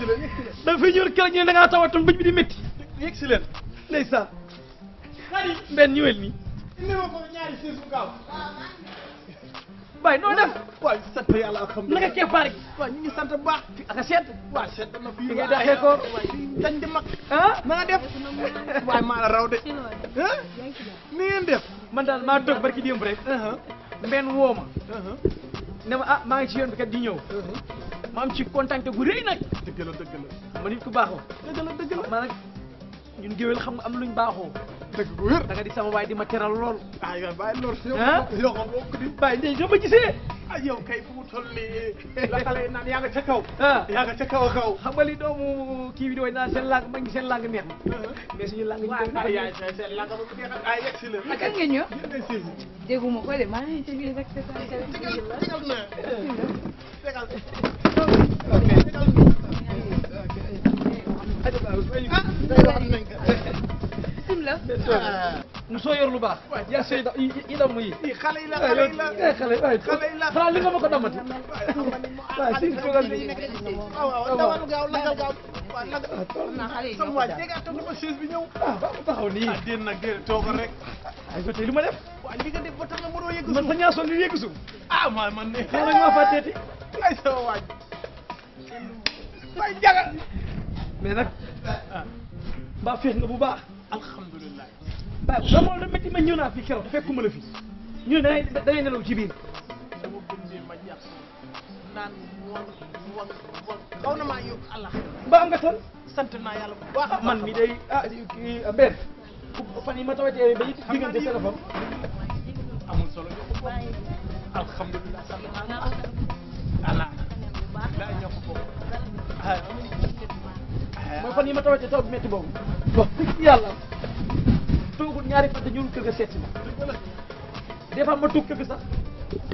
si leen yegg si leen. da nga fay ñëw rek keroog bi di métti. yegg si leen. ndeysaan. xarit mbenn ñëwal nii. indi ma ko ñaari siis bu gaaw. waaye noo def. waaw sant yàlla alhamdulilah ñu ngi sant bu baax. ak seet. waaw seet na fi. ngay daaxee ko. dañ di mag. ah na nga def. waaye maa la de. def. man daal maa toog barki démb rek. mbenn woo ma. ne ah, maa ngi ci yoon bi kat di ñëw. ma am ci kontaan gu rëy nag. dëgg la dëgg la. ma nit ku baaxoo. dëgg la dëgg la ma nag ñun géwél xam nga am luñ baaxoo. dëgg bu wér. da nga di sama waay di ma teral lool. ah yow bàyyi lool. ah yow xam nga ko di bàyyi léegi soo ma gisee. ah yow kay fu mu toll nii la xale naan yaa nga ca kaw. ah yaa nga ca kaw a kaw. xam nga li doomu kii bi di wax naan seen lang mag ñi seen lang neex na. mais suñu lang ñu koy. waaw yaay seen lang ba mu neex ak ay yegg si la. ah kan ngeen ñëw. dégguma ko de maa ngi leen di déglu rek. tegal na tegal na. mu soo yor lu baax. yaa sooy da i damm yi. xale yi la xale yi la xale yi la xanaa li nga ma ko dammati. waaw si toogal bi. waaw waaw dawal gaaw lagal gaaw. waaw lagal sama waa jéegaat toog ma chaise bi ñëw. ah ba taxaw nii. ah déet nag déet toogal rek. ay ba tey lu ma def. waaw li nga def ba tax nga mënoo yëg suuf. man fa ñaasoo li yëg suuf. ah man man de. xanaa nga ma fàtteeti. ay sama waa bay jaga mais nag ah, mbaa féex bu baax alhamdulilah baa da mool da métti ma fi ñu ne dangay dangay nelaw ci biir dama gëndee ma jàpp naan woon woon woon xaw na maa yóbbu allah sant naa man mi day ah kii ah, benn fan yi ma tawatee ba yëkkati diggante téléphone amul solo alhamdulilah sant naa mooy fan yi ma tawatee taw bi métti boobu wax dëgg yàlla toogul ñaari fan te ñëwul kër ga seet si ma des ma toog kër ga sax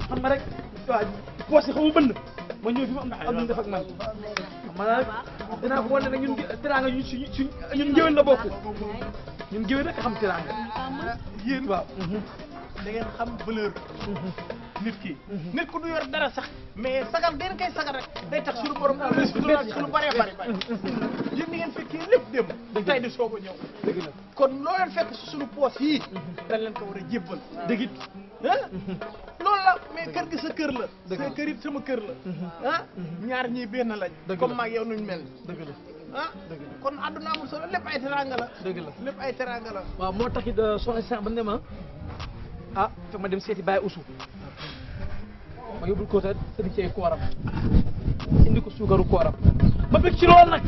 xam nga rek waaw poche yi xaw ma bënn ma ñëw fi mu am na am na def ak man man nag dinaa ko wane ne ñun teraanga ñun suñu suñ ñun ngéwél la bokk ñun ngéwél rek xam teraanga waaw da ngeen xam valeur mhm. nit ki mhm. nit ku du yor dara sax mais sagal den koy sagal rek day tax suñu borom am sutura suñu bëree bëri bëri mhm. yéen ni ngeen fekkee lépp dem tey di soog a ñëw kon loo leen fekk si suñu poos yii mhm. dañ leen ko war a jébbal dëgg it ah loolu la mais kër gi sa kër la sa kër sama kër la ah ñaar ñii benn lañ comme maag yow nuñ mel dëgg la ah kon àdduna amul solo lépp ay teranga la. dëgg la lépp ay teranga la. waaw moo taxit euh, soo sa ba ne ma ah fekk ma dem seeti baay Oussou ma yóbbul ko te sëriñ kooram indi ko suukaru kooram ma bëgg ci lool nag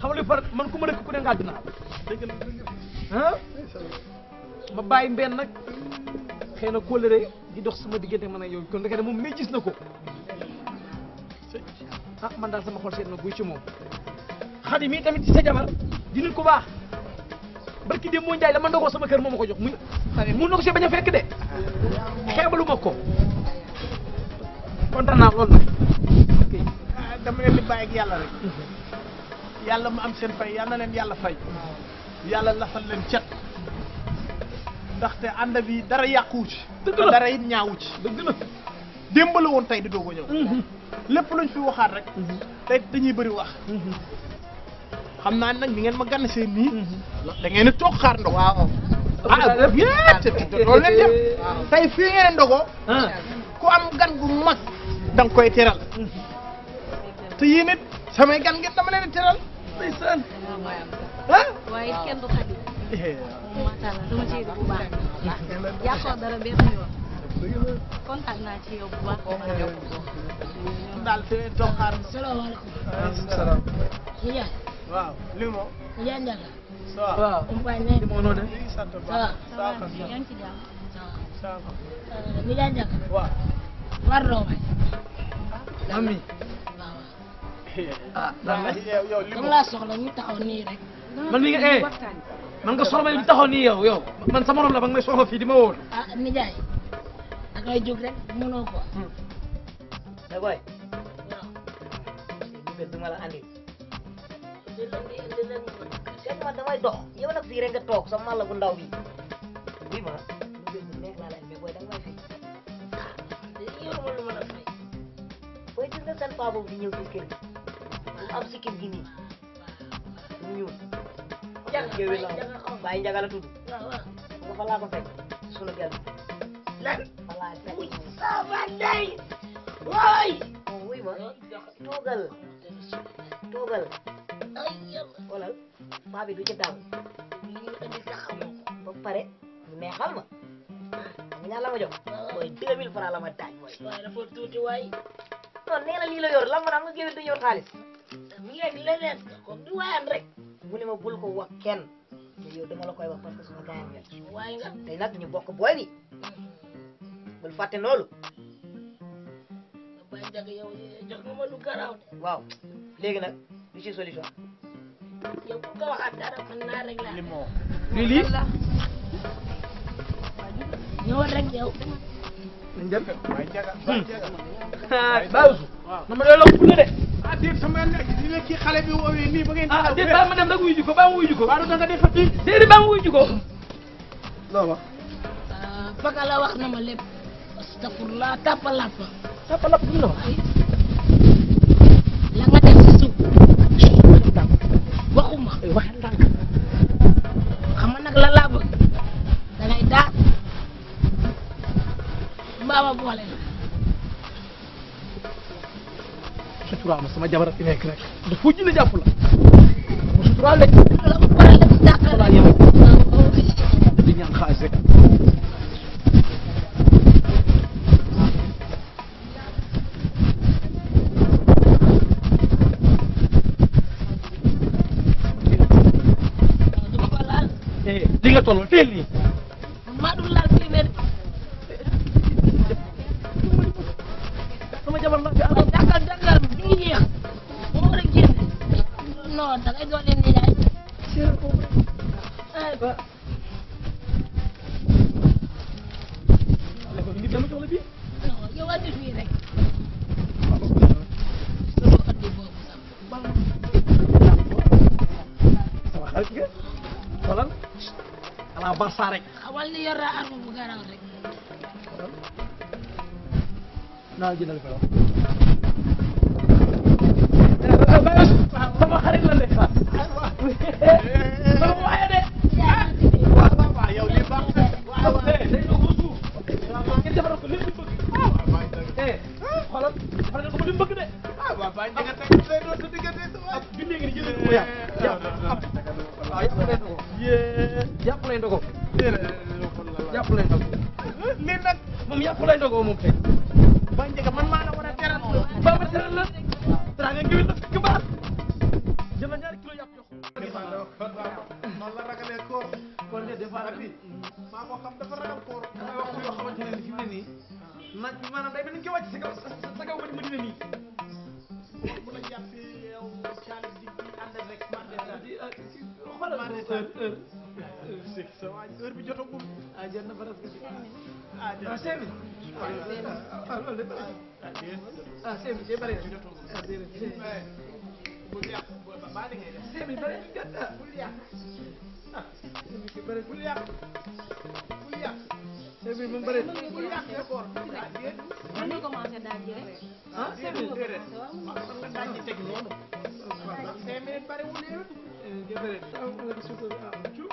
xam nga par man ku ma dëkk ku ne ngàdd naa ah ma bàyyi mbenn nag xëy na kóllëre di dox sama diggante man ak yow kon ndekete moom may gis na ko ah man daal sama xol seet na guy ci moom xadi mi tamit di sa jabar di ku baax barki démb moo Ndiaye la ma ndogoo sama kër moo ma ko jox muy. mun na ko see bañ a fekk de xeebalu ma ko kontaan naa lool. Ah, dama leen di ak yàlla rek yàlla mu am seen fay yàlla na leen yàlla fay yàlla lafal leen cet ndaxte ànd bi dara yàquwu ci. dëgg la dara it ñaawu ci. dëgg woon tey di doog ñëw. Mhm. lépp luñ fi waxaat rek. Mhm. tey dañuy bari wax. Mhm. xam naa nag ni ngeen ma gan seen nii. Mhm. da ngeen a toog xaar ndogu. waaw ah bien ah, te te loolu leen def. tey fii ngeen ndogoo. Ah. ku am gan gu mag. da nga koy teral. Mhm. te yéen it samay gan ngeen dama leen teral. ndeysaan. ah. waaye kenn naa waaw limo. Ndiaye uh, Ndiaye ah, la. waaw limo noo def. ça va. ça va. Ndiaye Ndiaye. waaw. warloo waay. mami. ah lan la yow limo dama laa soxla ñu taxaw nii rek. man mi nga eh man nga soxla ñu taxaw nii yow yow man sama morom la ba nga may soxla fii di ma wóor. ah Ndiaye. ak lay jóg rek mënoo ko. mais hmm. eh, booy. waaw. duma la andi. indi leen nii indi leen nii seen damay dox yow nag fii nga toog sa mala gu ndaw bi oui ma lu ma lu ma la fay booy gis nga seen am sikkim gi nii mu ñëw géwél la bàyyi njaga laa ko fekk sunu gel lan fa laa fekk sama day ma toogal toogal ay yàlla xoolal paa du ci dal li ba pare mais xam nga xam nga ñaar la ma jox mooy deux mille francs la ma daaj mooy waaye dafa tuuti waay non nee na lii la yor lam ma am nga géwél du yor xaalis mi rek leneen ma bul ko wax kenn te la koy wax parce que suma gaayam nga nag ñu bokk booy bi bul fàtte loolu waaw léegi nag lu ci solution yow ku ko waxaat dara mën naa rek na ma doon loo de. ah déet sama dina kii xale ah, ko ba ma wuyu ko. waaw da ba ma wuyu ko. loolu ah, na ma lépp. astafurlah tapalapa. tapalapa bi baa ma boole la. suturaal ma sama jabar fi nekk rek dafa wujj la jàpp la mu suturaal lañ. la mu boole la ci jàppale. di ñaan xaalis rek. li eh, nga toll teel nii. maa dul laal téeméer. jabar ba fi dàkkal dàkkal du jeex moo war a génn non dangay doole ni daal aywa. yow andi fii ni yor naa arme rek. naa jëndal vélo. sama xarit la nekk ah. sama waaye de. waaw waaw waaw na. lu bëgg. waaw xoolal xoolal ko ba li bi yee yàq lay moom yàq lay dogo Baye Ndiaga man maa la war a teral ba ma teral la traité nga wér na xibaar jëla ñaari kilo yàpp jox noonu la ragalee koor kon de defaat bi maa ko xam dafa ragal koor damay wax yoo xamante ne fi mu ne nii naaj bi maanaam day mel ni nga wàcc sa kaw sa kaw bañ ma dina nii bu la jàppee yow caali di ànd rek ma de heure heure heure bi jotagul ah jël na faras gi ah jël na sëñ bi ah loolu de bëri ah sëñ bi de bëri ah déedéet bul yàq baa ngay def sëñ bi bëri gàtt bul yàq ah sëñ bi bëri bul yàq bul yàq sëñ bi moom bëri bul yàq d'accord man na commencé daal ji rek ah sëñ bi déedéet man daal ji teg noonu sëñ bi bëri wul yow déedéet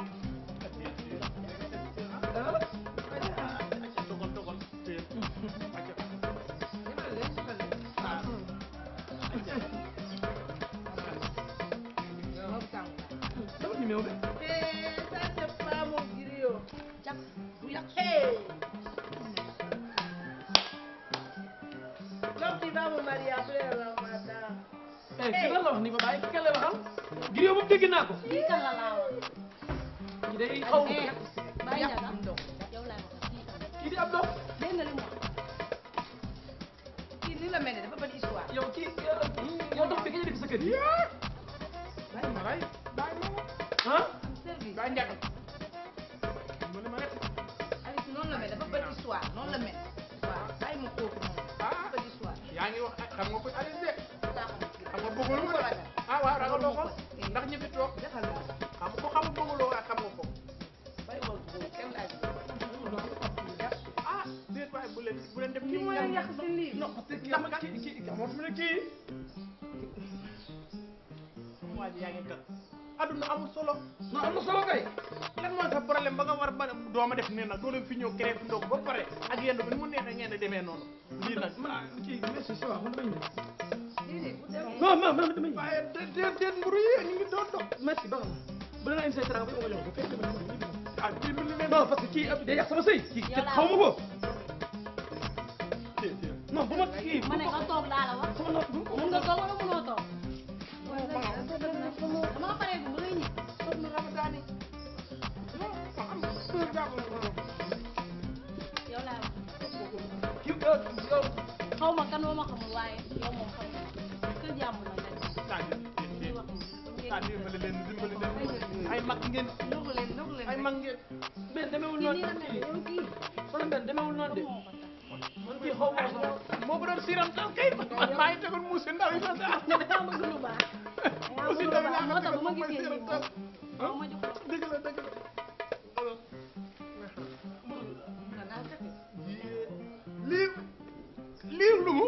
ñëw eh, de. ça c'est pas mon griot. jax bu yàq. donc tu vas me marier après Ramadan. eh ki oh, la la wax ni ba bàyyi ki la waxal. griot boobu dégg naa ko. lii kan la laa wax. ñu day xaw ma yàq ndox. kii di ab ndox. dégg nga li mu wax. kii nii la mel ne dafa bëri histoire. yow kii yow ndox bi kañ la def sa kër yi. waaye ma waaye. daa njàggal. mën na ma rek. Aliou noonu la mel dafa bëri histoire noonu la mel. waaw bàyyi ma kooku noonu. ah bëri histoire. yaa ngi wax xam nga ko Aliou de. xam nga bëgguloo ko de. ah waaw ragaloo ko ndax ñi fi toog. defal ko xam nga ko xamul bëgguloo ak xam nga ko. bàyyi ma ko kenn laaj ah déet waaye bu leen bu leen dem. kii moo leen yàq seen lii non ndax kii kii moo fi ne kii. waa ji yaa ngi kat. adduna amul solo. non am na solo kay. lan mooy sa problème ba nga war ba doo def nee na doo leen fi ñëw crève ndox ba pare ak yenn bi mu nee a ngeen di demee noonu. lii nag ma kii merci ça va man bañ a. non non man dama ñu. waaye déet déet déet mburu yi ñu doon dox. merci ba bu la la indi say ba jox ko fekk dama ñu ah kii bi ñu leen non parce que kii day ko. ma kii. boo paree bu bëri ñëw. xam nga ramadaani. yow laa wax. yow. xaw ma kan moo ma xamul waaye yow moom xam nga kër jàmm la nga def. dimbali leen dimbali leen ay mag ngeen. ndox leen ndox leen ay mag ngeen. benn demewul noonu xoolal benn demewul noonu de. man kii xaw ma moo ko doon siiram taw kay maa ngi tegoon muus ndaw yi ma waaw loolu la moo tax bu ma gisee lii moom ma jox ko. dëgg la dëgg la. lii lii lu mu.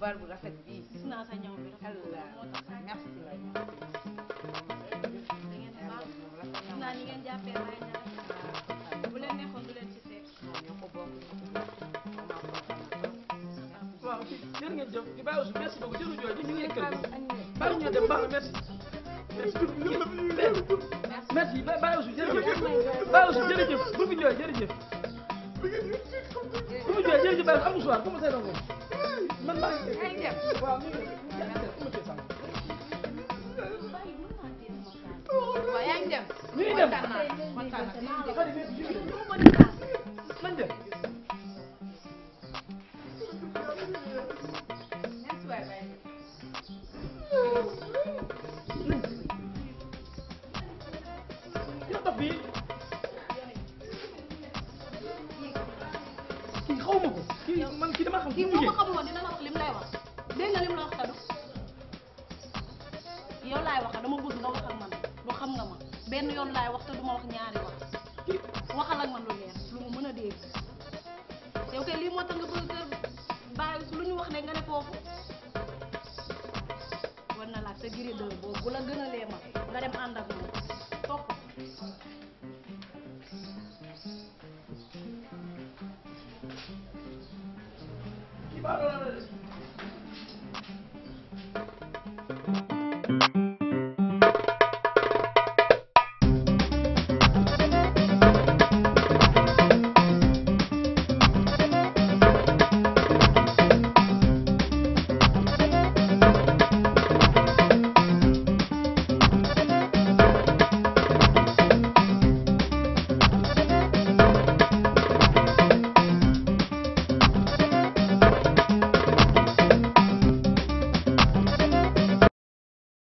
bar bu rafet bii gis naa sa ñaw bi rafet moo tax merci la jërë ngeen jëf di bàyyi aussi merci beaucoup jërë jooy ñu ngi yëkkal bari ñu dem baax na merci merci bàyyi aussi jërëjëf bàyyi aussi jërëjëf bu fi jooy jërëjëf bu fi jooy jërëjëf bàyyi amul soir comment ça donc man maa ngi waaw mi ngi dem ñu ngi dem man dem wax ne nga ne foofu war na laaj sa giri boobu bu la gën a lee ma nga dem ànd ak moom